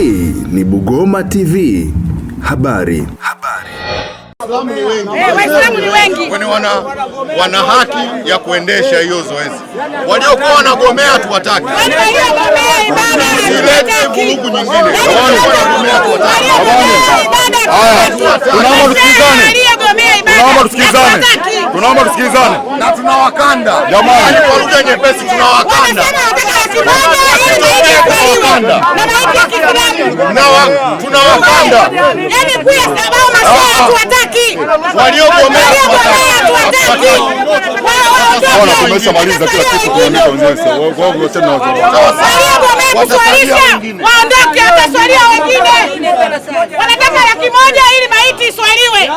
Hii ni Bugoma TV. Habari. Habari. Eh, Waislamu ni wengi, Kwani wana, wana haki ya kuendesha hiyo zoezi. Waliokuwa wanagomea tuwataki. vurugu nyingine. tunaomba tusikizane tunaomba tusikilizane, tunaomba tusikilizane na tunawakanda jamani, yaani kwa lugha nyepesi tunawakanda tunawakanda yaani waliogomea Bwana tumeshamaliza kila Waondoke hata wengine. Wanataka laki moja ili maiti iswaliwe.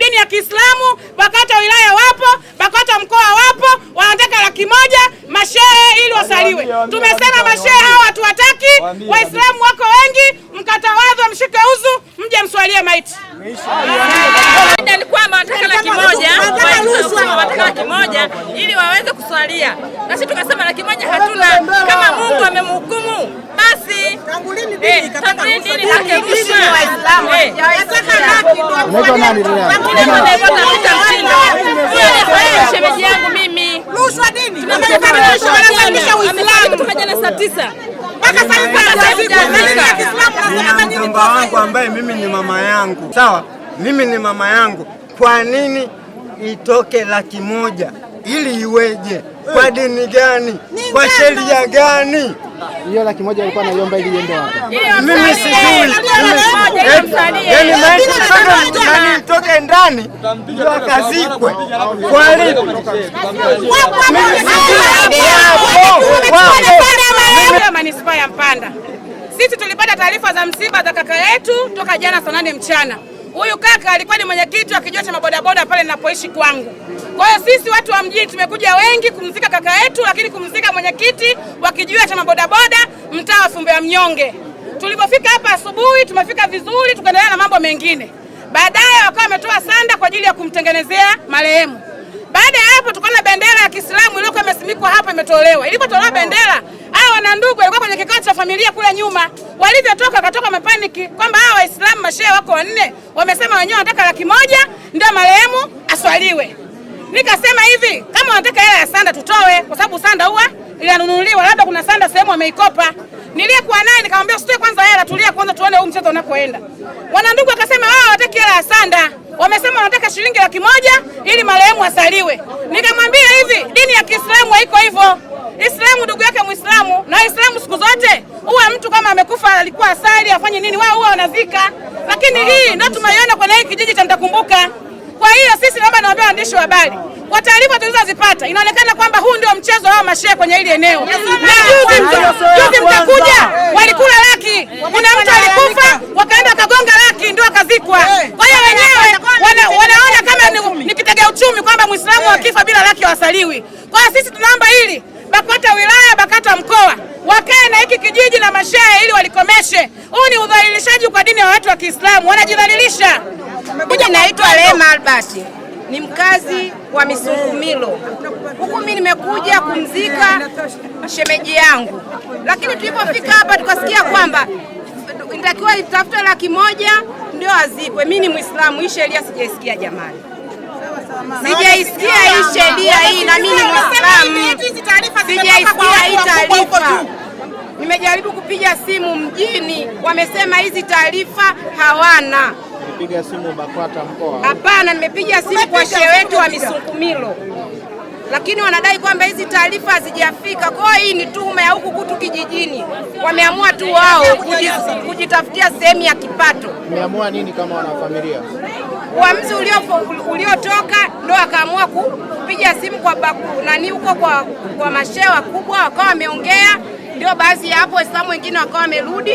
dini ya Kiislamu, BAKWATA wilaya wapo, BAKWATA mkoa wapo, wanataka laki moja mashehe ili wasaliwe. Tumesema mashehe hawa hatuwataki Waislamu laki moja ili waweze kuswalia, nasi tukasema laki moja hatuna. Kama Mungu amemhukumu basi eh, eh, shemeji yangu mimi tumejana saa tisa mjomba wangu ambaye mimi ni mama yangu, sawa, mimi ni mama yangu, kwa nini itoke laki moja ili iweje? Eh. Kwa dini gani? Kwa sheria gani? Hiyo laki moja alikuwa anaiomba ili iende wapi? Mimi sijui. Yaani, yaani, yaani, yaani maiti sana itoke ndani ndio akazikwe. Kwa lipi? Manispaa ya Mpanda. Sisi tulipata taarifa za msiba za kaka yetu toka jana saa nane mchana. Huyu kaka alikuwa ni mwenyekiti wa kijiwe cha mabodaboda pale ninapoishi kwangu. Kwa hiyo sisi watu wa mjini tumekuja wengi kumzika kaka yetu, lakini kumzika mwenyekiti wa kijiwe cha mabodaboda mtaa wa Fumbe ya Mnyonge. Tulipofika hapa asubuhi, tumefika vizuri, tukaendelea na mambo mengine. Baadaye wakawa wametoa sanda kwa ajili ya kumtengenezea marehemu. Baada ya hapo, tukaona bendera ya Kiislamu iliyokuwa imesimikwa hapa imetolewa. Ilipotolewa bendera na ndugu walikuwa kwenye kikao cha familia kule nyuma, walivyotoka wakatoka mapaniki kwamba hawa Waislamu mashehe wako wanne wamesema wenyewe wanataka laki moja ndio marehemu aswaliwe. Nikasema hivi, kama wanataka hela ya sanda tutoe, kwa sababu sanda huwa ilianunuliwa, labda kuna sanda sehemu wameikopa. Niliyekuwa naye nikamwambia usitoe kwanza hela, tulia kwanza, tuone huu mchezo unakoenda. Wanandugu akasema wao hawataki hela ya sanda, wamesema wanataka shilingi laki moja ili marehemu asaliwe. Nikamwambia hivi, dini ya Kiislamu haiko hivyo Islamu ndugu yake Muislamu na Islamu siku zote huwa mtu kama amekufa alikuwa asali afanye nini, wao huwa wanazika, lakini hii ah, ndio tumeiona kwenye hii kijiji cha Mtakumbuka. Kwa hiyo sisi naomba nawaambia waandishi wa habari kwa taarifa tulizozipata inaonekana kwamba huu ndio mchezo wao mashehe kwenye hili eneo, na juzi juzi mtakuja walikula laki, kuna mtu alikufa wakaenda wakagonga laki ndio akazikwa. Kwa hiyo wenyewe wanaona kama ni kitega uchumi kwamba Muislamu akifa bila laki hawasaliwi. Kwa hiyo sisi tunaomba hili BAKWATA wilaya, bakata mkoa wakae na hiki kijiji na mashehe ili walikomeshe. Huu ni udhalilishaji kwa dini ya watu wa Kiislamu, wanajidhalilisha. Naitwa Lema Albasi, ni mkazi wa misungumilo Huku mimi nimekuja kumzika shemeji yangu, lakini tulipofika hapa tukasikia kwamba inatakiwa itafutwe laki moja ndio azikwe. Mimi ni Mwislamu, hii sheria sijaisikia jamani. Sijaisikia hii sheria hii, na mimi ni sijaisikia hii taarifa. Nimejaribu kupiga simu mjini, wamesema hizi taarifa hawana. Hapana, nimepiga simu kwa shehe wetu wa Misukumilo, lakini wanadai kwamba hizi taarifa hazijafika. Kwa hiyo hii ni tume ya huku kutu kijijini, wameamua tu wao kujitafutia sehemu ya kipato. Wameamua nini kama wanafamilia? uamuzi uliotoka ndo akaamua kupiga simu kwa baku, nani huko kwa, kwa mashehe wakubwa wakawa wameongea, ndio baadhi ya hapo Waislamu wengine wakawa wamerudi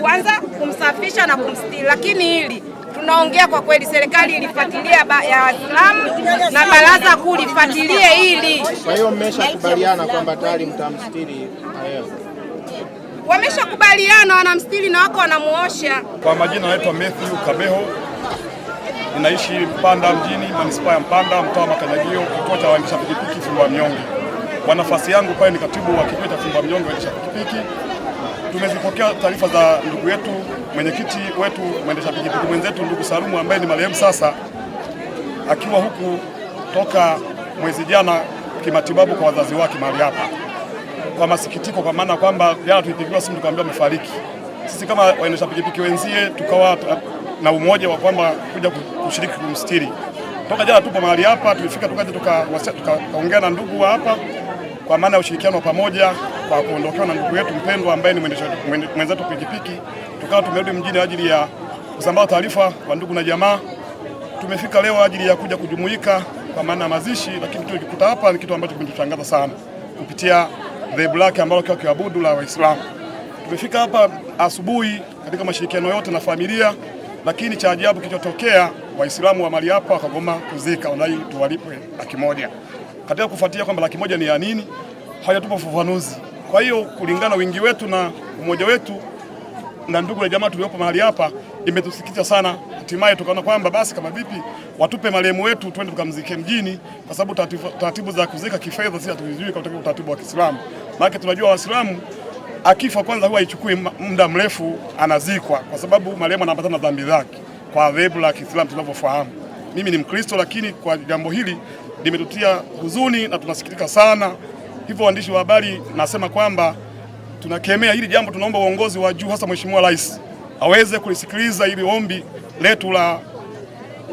kwanza kumsafisha na kumstiri. Lakini hili tunaongea kwa kweli, serikali ilifuatilia ya Waislamu na baraza kuu lifuatilie hili. Kwa hiyo mmeshakubaliana kwamba tayari mtamstiri wameshakubaliana, wanamstiri na wako wanamuosha. Kwa majina anaitwa Matthew Kabeho ninaishi Mpanda mjini, manispaa ya Mpanda, mtaa wa Makanyagio, kituo cha waendesha pikipiki Fumba Mnyonge. Kwa nafasi yangu pale ni katibu wa kituo cha Fumba Mnyonge waendesha pikipiki. Tumezipokea taarifa za ndugu yetu mwenyekiti wetu mwendesha pikipiki mwenzetu ndugu Salumu ambaye ni marehemu sasa, akiwa huku toka mwezi jana kimatibabu kwa wazazi wake mahali hapa, kwa masikitiko, kwa maana kwamba jana tulipigiwa simu tukaambiwa amefariki. Sisi kama waendesha pikipiki wenzie tukawa na umoja wa kwamba kuja kushiriki kumstiri. Toka jana tupo mahali hapa, tulifika tukaja tukaongea tuka, tuka na ndugu wa hapa kwa maana ya ushirikiano wa pamoja kwa kuondokewa na ndugu yetu mpendwa ambaye ni mwenzetu pikipiki, tukawa tumerudi mjini ajili ya kusambaza taarifa kwa ndugu na jamaa. Tumefika leo ajili ya kuja kujumuika kwa maana ya mazishi, lakini tulikuta hapa ni kitu ambacho kimetushangaza sana kupitia dhehebu lake ambalo kwa kiabudu la Waislamu. Tumefika hapa asubuhi katika mashirikiano yote na familia lakini cha ajabu kilichotokea, Waislamu wa mali hapa wakagoma kuzika, wanadai tuwalipe laki moja. Katika kufuatia kwamba laki moja ni ya nini, hajatupa ufafanuzi. Kwa hiyo kulingana wingi wetu na umoja wetu na ndugu na jamaa tuliopo mahali hapa, imetusikitisha sana. Hatimaye tukaona kwamba basi kama vipi watupe marehemu wetu twende tukamzike mjini, kwa sababu taratibu za kuzika kifedha sisi hatuzijui katika utaratibu wa Kiislamu, maana tunajua Waislamu akifa kwanza huwa haichukui muda mrefu, anazikwa kwa sababu marehemu anapatana na dhambi zake kwa dhehebu la Kiislamu tunavyofahamu. Mimi ni Mkristo, lakini kwa jambo hili limetutia huzuni na tunasikitika sana. Hivyo waandishi wa habari, nasema kwamba tunakemea hili jambo, tunaomba uongozi wa juu, hasa Mheshimiwa Rais aweze kulisikiliza hili ombi letu la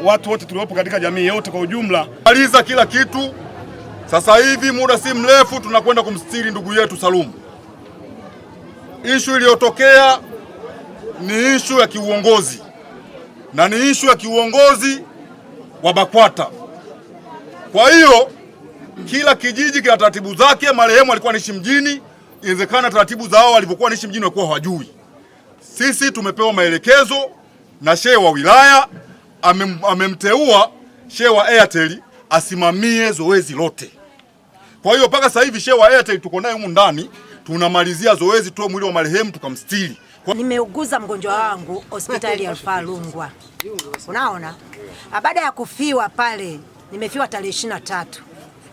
watu wote tuliopo katika jamii yote kwa ujumla. Maliza kila kitu sasa hivi, muda si mrefu tunakwenda kumstiri ndugu yetu Salumu. Ishu iliyotokea ni ishu ya kiuongozi na ni ishu ya kiuongozi wa BAKWATA. Kwa hiyo kila kijiji kina taratibu zake. Marehemu alikuwa anaishi mjini, inawezekana taratibu za hao walivyokuwa anaishi mjini walikuwa hawajui. Sisi tumepewa maelekezo na shehe wa wilaya amem, amemteua shehe wa Airtel asimamie zoezi lote. Kwa hiyo mpaka sasa hivi shehe wa Airtel tuko naye humu ndani tunamalizia zoezi tu mwili wa marehemu tukamstiri. Kwa... nimeuguza mgonjwa wangu hospitali ya Rufaa Rungwa, unaona, ah, baada ya kufiwa pale. Nimefiwa tarehe ishirini na tatu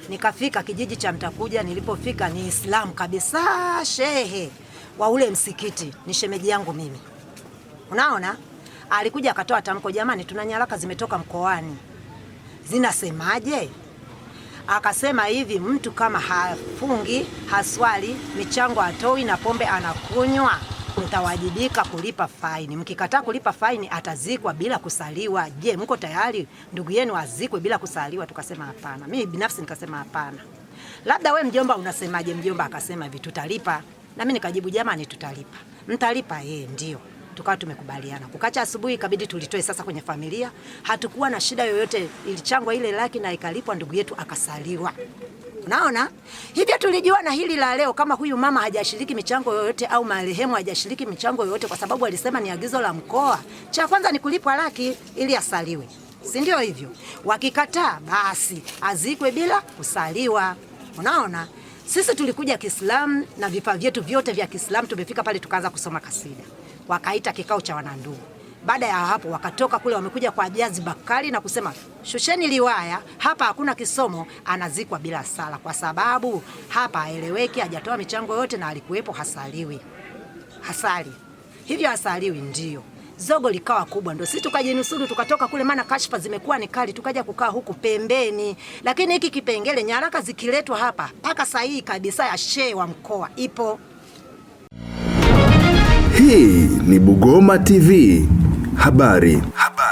nikafika kijiji cha Mtakuja. Nilipofika ni Islamu kabisa, shehe wa ule msikiti ni shemeji yangu mimi, unaona alikuja akatoa tamko, jamani, tuna nyaraka zimetoka mkoani, zinasemaje? akasema hivi, mtu kama hafungi haswali, michango atoi na pombe anakunywa mtawajibika kulipa faini. Mkikataa kulipa faini atazikwa bila kusaliwa. Je, mko tayari ndugu yenu azikwe bila kusaliwa? Tukasema hapana, mimi binafsi nikasema hapana. Labda we mjomba, unasemaje? Mjomba akasema hivi, tutalipa. Na mimi nikajibu, jamani, tutalipa. Mtalipa? Yeye ndio tukawa tumekubaliana kukacha asubuhi, ikabidi tulitoe sasa kwenye familia. Hatukuwa na shida yoyote, ilichangwa ile laki na ikalipwa, ndugu yetu akasaliwa. Unaona hivyo, tulijua na hili la leo, kama huyu mama hajashiriki michango yoyote au marehemu hajashiriki michango yoyote, kwa sababu alisema ni agizo la mkoa, cha kwanza ni kulipwa laki ili asaliwe, si ndio? Hivyo wakikataa, basi azikwe bila kusaliwa. Unaona, sisi tulikuja Kiislamu na vifaa vyetu vyote vya Kiislamu, tumefika pale tukaanza kusoma kasida wakaita kikao cha wanandugu. Baada ya hapo wakatoka kule, wamekuja kwa jazi Bakari na kusema shusheni liwaya hapa, hakuna kisomo, anazikwa bila sala, kwa sababu hapa aeleweki hajatoa michango yote na alikuwepo hasaliwi, hasali hivyo hasaliwi, ndio zogo likawa kubwa, ndio sisi tukajinusuru tukatoka kule, maana kashfa zimekuwa ni kali, tukaja kukaa huku pembeni. Lakini hiki kipengele, nyaraka zikiletwa hapa, mpaka sahihi kabisa ya shehe wa mkoa ipo. Hii ni Bugoma TV. Habari. Habari.